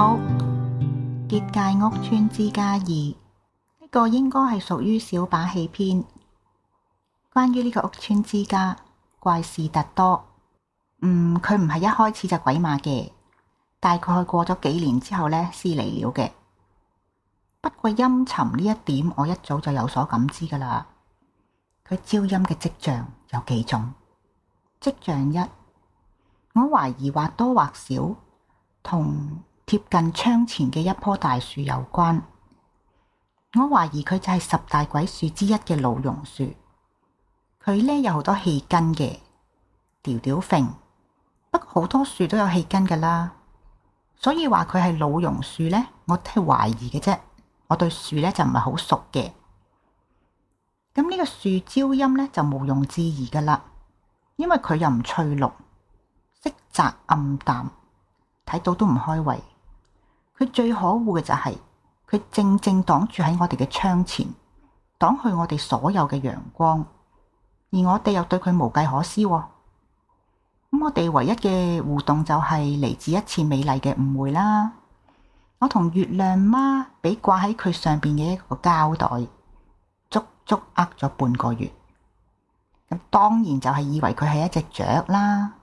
好結界屋村之家二，呢個應該係屬於小把戲篇。關於呢個屋村之家怪事特多，嗯，佢唔係一開始就鬼馬嘅，大概過咗幾年之後呢，先嚟了嘅。不過陰沉呢一點，我一早就有所感知噶啦。佢招陰嘅跡象有幾種？跡象一，我懷疑或多或少同，貼近窗前嘅一棵大樹有關，我懷疑佢就係十大鬼樹之一嘅老榕樹。佢呢有好多氣根嘅，吊吊揈。不過好多樹都有氣根噶啦，所以話佢係老榕樹呢，我都係懷疑嘅啫。我對樹呢就唔係好熟嘅。咁呢個樹招陰呢，就毋庸置疑噶啦，因為佢又唔翠綠，色澤暗淡，睇到都唔開胃。佢最可惡嘅就係、是、佢正正擋住喺我哋嘅窗前，擋去我哋所有嘅陽光，而我哋又對佢無計可施、哦。咁我哋唯一嘅互動就係嚟自一次美麗嘅誤會啦。我同月亮媽俾掛喺佢上邊嘅一個膠袋，足足呃咗半個月。咁當然就係以為佢係一隻雀啦。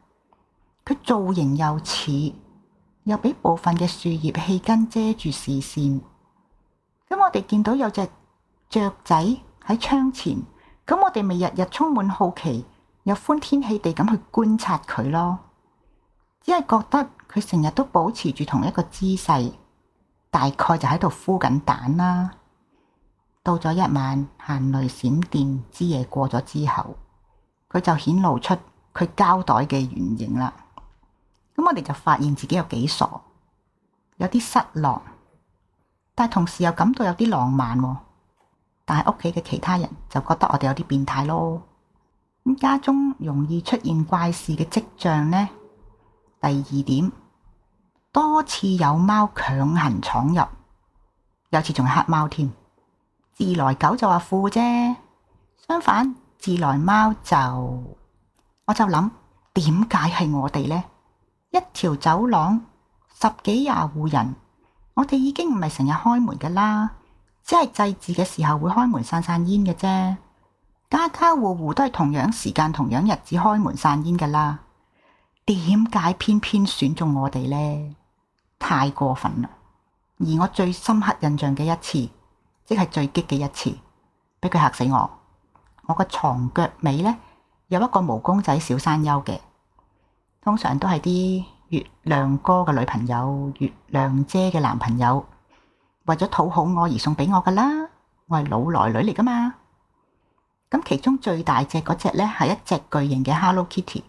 佢造型又似。又俾部分嘅樹葉、氣根遮住視線，咁我哋見到有隻雀仔喺窗前，咁我哋咪日日充滿好奇，又歡天喜地咁去觀察佢咯。只係覺得佢成日都保持住同一個姿勢，大概就喺度孵緊蛋啦。到咗一晚，行雷閃電之夜過咗之後，佢就顯露出佢膠袋嘅原形啦。咁我哋就發現自己有幾傻，有啲失落，但同時又感到有啲浪漫。但係屋企嘅其他人就覺得我哋有啲變態咯。咁家中容易出現怪事嘅跡象呢，第二點，多次有貓強行闖入，有次仲係黑貓添。自來狗就話富啫，相反自來貓就，我就諗，點解係我哋呢？一條走廊十幾廿戶人，我哋已經唔係成日開門噶啦，只係祭祀嘅時候會開門散散煙嘅啫。家家戶戶都係同樣時間，同樣日子開門散煙噶啦，點解偏偏選中我哋呢？太過分啦！而我最深刻印象嘅一次，即係最激嘅一次，俾佢吓死我。我個床腳尾呢，有一個毛公仔小山丘嘅。通常都係啲月亮哥嘅女朋友，月亮姐嘅男朋友，為咗討好我而送俾我噶啦。我係老來女嚟噶嘛。咁其中最大隻嗰隻咧，係一隻巨型嘅 Hello Kitty，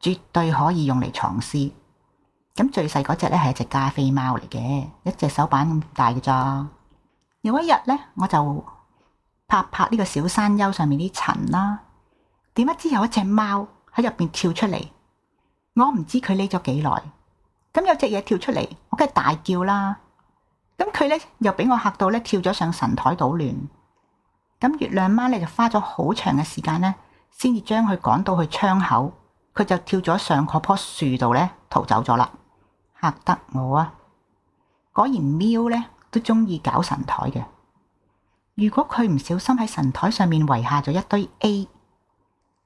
絕對可以用嚟藏屍。咁最細嗰隻咧，係一隻加菲貓嚟嘅，一隻手板咁大嘅。咋有一日咧，我就拍拍呢個小山丘上面啲塵啦，點不知有一隻貓喺入邊跳出嚟。我唔知佢匿咗幾耐，咁有隻嘢跳出嚟，我梗係大叫啦。咁佢呢，又俾我吓到呢，跳咗上神台搗亂。咁月亮媽呢，就花咗好長嘅時間呢，先至將佢趕到去窗口，佢就跳咗上嗰棵樹度呢，逃走咗啦，嚇得我啊！果然喵呢，都中意搞神台嘅。如果佢唔小心喺神台上面遺下咗一堆 A，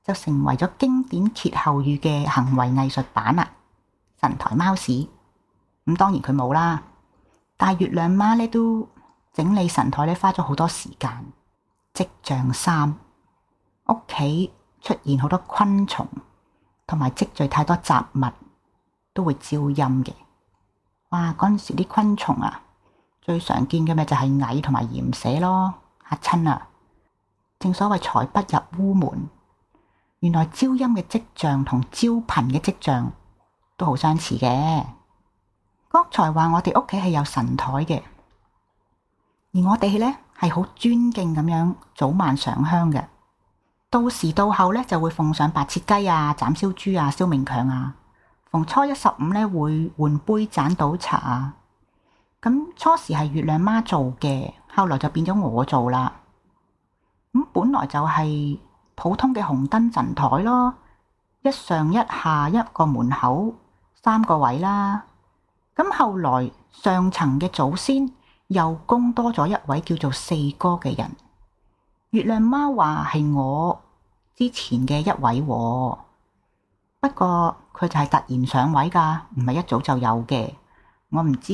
就成為咗經典歇後語嘅行為藝術版啦。神台貓屎咁、嗯，當然佢冇啦。但月亮媽咧都整理神台咧，花咗好多時間。跡象三，屋企出現好多昆蟲，同埋積聚太多雜物都會招陰嘅。哇！嗰陣時啲昆蟲啊，最常見嘅咪就係蟻同埋鹽蛇咯，嚇親啦。正所謂財不入烏門。原來招陰嘅跡象同招貧嘅跡象都好相似嘅。剛才話我哋屋企係有神台嘅，而我哋咧係好尊敬咁樣早晚上香嘅。到時到後咧就會奉上白切雞啊、斬燒豬啊、燒明強啊。逢初一十五咧會換杯盞、盞倒茶啊。咁初時係月亮媽做嘅，後來就變咗我做啦。咁本來就係、是。普通嘅紅燈神台咯，一上一下一個門口，三個位啦。咁後來上層嘅祖先又供多咗一位叫做四哥嘅人。月亮媽話係我之前嘅一位喎，不過佢就係突然上位㗎，唔係一早就有嘅。我唔知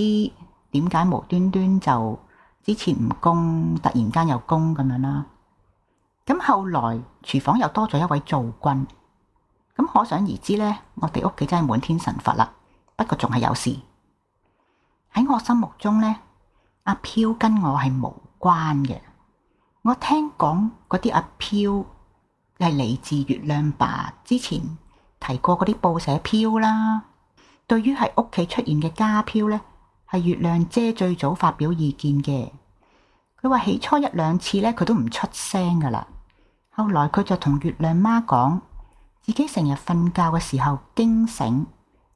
點解無端端就之前唔供，突然間又供咁樣啦。咁後來廚房又多咗一位灶君，咁可想而知呢，我哋屋企真係滿天神佛啦。不過仲係有事喺我心目中呢，阿飄跟我係無關嘅。我聽講嗰啲阿飄係嚟自月亮爸之前提過嗰啲報社飄啦。對於喺屋企出現嘅家飄呢，係月亮姐最早發表意見嘅。佢話起初一兩次呢，佢都唔出聲㗎喇。後來佢就同月亮媽講，自己成日瞓覺嘅時候驚醒，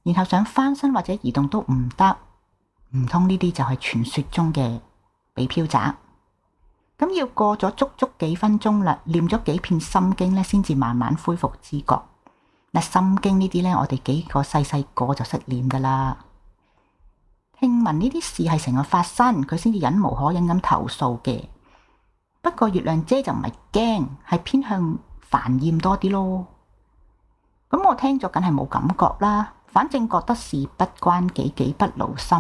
然後想翻身或者移動都唔得，唔通呢啲就係傳說中嘅俾飄揸？咁要過咗足足幾分鐘啦，念咗幾片心經咧，先至慢慢恢復知覺。嗱，心經呢啲呢，我哋幾個細細個就識念噶啦。聽聞呢啲事係成日發生，佢先至忍無可忍咁投訴嘅。不過月亮姐就唔係驚，係偏向煩厭多啲咯。咁我聽咗梗係冇感覺啦，反正覺得事不關己，己，己不勞心。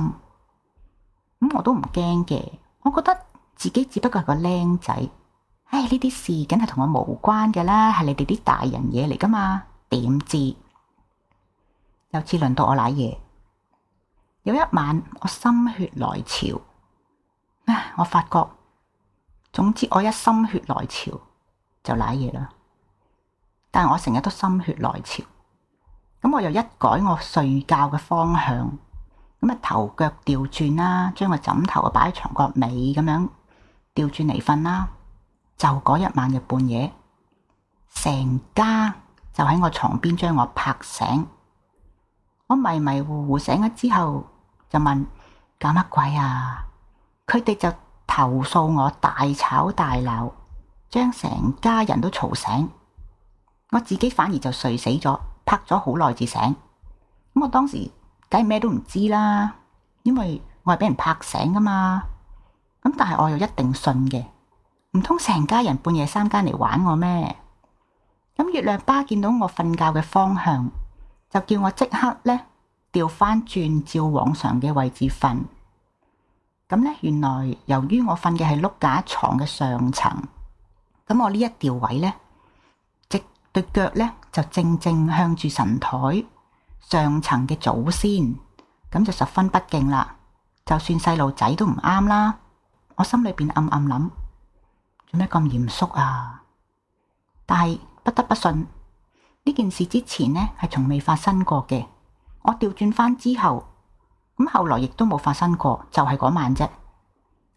咁我都唔驚嘅，我覺得自己只不過係個僆仔。唉，呢啲事梗係同我無關嘅啦，係你哋啲大人嘢嚟㗎嘛？點知有次輪到我瀨嘢。有一晚我心血來潮，唉，我發覺。總之，我一心血來潮就瀨嘢啦。但係我成日都心血來潮，咁我又一改我睡覺嘅方向，咁啊頭腳調轉啦，將個枕頭啊擺喺床角尾咁樣調轉嚟瞓啦。就嗰一晚嘅半夜，成家就喺我床邊將我拍醒。我迷迷糊糊醒咗之後，就問：搞乜鬼啊？佢哋就。投訴我大吵大鬧，將成家人都嘈醒，我自己反而就睡死咗，拍咗好耐至醒。咁我當時梗係咩都唔知啦，因為我係俾人拍醒噶嘛。咁但係我又一定信嘅，唔通成家人半夜三更嚟玩我咩？咁月亮巴見到我瞓覺嘅方向，就叫我即刻咧調翻轉，照往常嘅位置瞓。咁咧，原來由於我瞓嘅係碌架床嘅上層，咁我呢一調位咧，只對腳咧就正正向住神台上層嘅祖先，咁就十分不敬啦。就算細路仔都唔啱啦。我心裏邊暗暗諗：做咩咁嚴肅啊？但係不得不信，呢件事之前呢，係從未發生過嘅。我調轉翻之後。咁後來亦都冇發生過，就係嗰晚啫。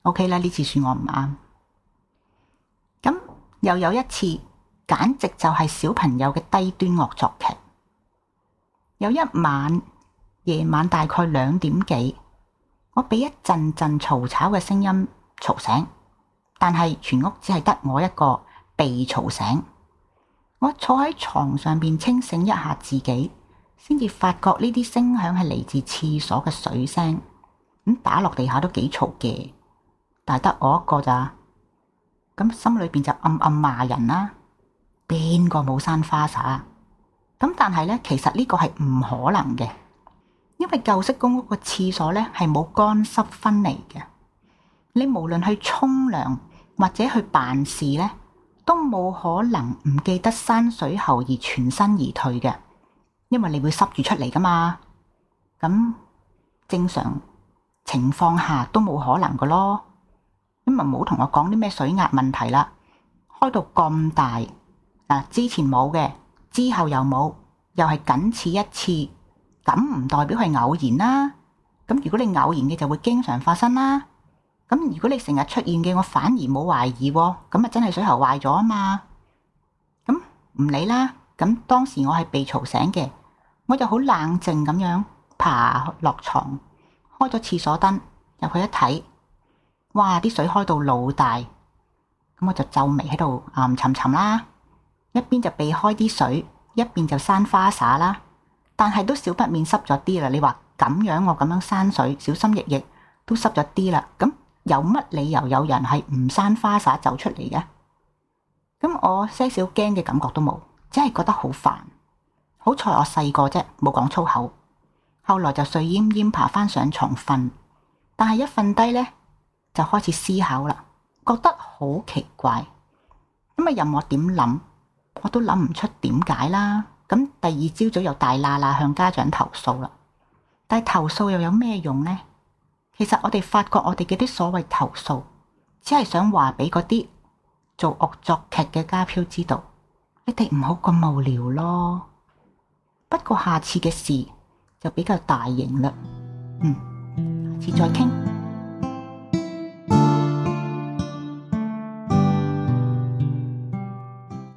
OK 啦，呢次算我唔啱。咁又有一次，簡直就係小朋友嘅低端惡作劇。有一晚夜晚大概兩點幾，我俾一陣陣嘈吵嘅聲音嘈醒，但係全屋只係得我一個被嘈醒。我坐喺床上邊清醒一下自己。先至發覺呢啲聲響係嚟自廁所嘅水聲，咁、嗯、打落地下都幾嘈嘅，但係得我一個咋。咁、嗯、心裏邊就暗暗罵人啦，啊，邊個冇閂花灑？咁、嗯、但係呢，其實呢個係唔可能嘅，因為舊式公屋嘅廁所呢係冇乾濕分離嘅。你無論去沖涼或者去辦事呢，都冇可能唔記得閂水喉而全身而退嘅。因為你會濕住出嚟噶嘛，咁正常情況下都冇可能噶咯。咁咪冇同我講啲咩水壓問題啦。開到咁大啊，之前冇嘅，之後又冇，又係僅此一次，咁唔代表係偶然啦。咁如果你偶然嘅就會經常發生啦。咁如果你成日出現嘅，我反而冇懷疑，咁咪真係水喉壞咗啊嘛。咁唔理啦。咁當時我係被嘈醒嘅。我就好冷靜咁樣爬落床，開咗廁所燈入去一睇，哇！啲水開到老大，咁我就皺眉喺度吟沉沉啦，一邊就避開啲水，一邊就閂花灑啦。但係都少不免濕咗啲啦。你話咁樣我咁樣閂水，小心翼翼都濕咗啲啦。咁有乜理由有人係唔閂花灑走出嚟嘅？咁我些少驚嘅感覺都冇，只係覺得好煩。好彩我細個啫，冇講粗口。後來就睡奄奄爬翻上床瞓，但係一瞓低呢，就開始思考啦，覺得好奇怪。咁啊，任我點諗，我都諗唔出點解啦。咁第二朝早又大喇喇向家長投訴啦，但係投訴又有咩用呢？其實我哋發覺我哋嘅啲所謂投訴，只係想話俾嗰啲做惡作劇嘅家飄知道，你哋唔好咁無聊咯。不過下次嘅事就比較大型啦，嗯，下次再傾。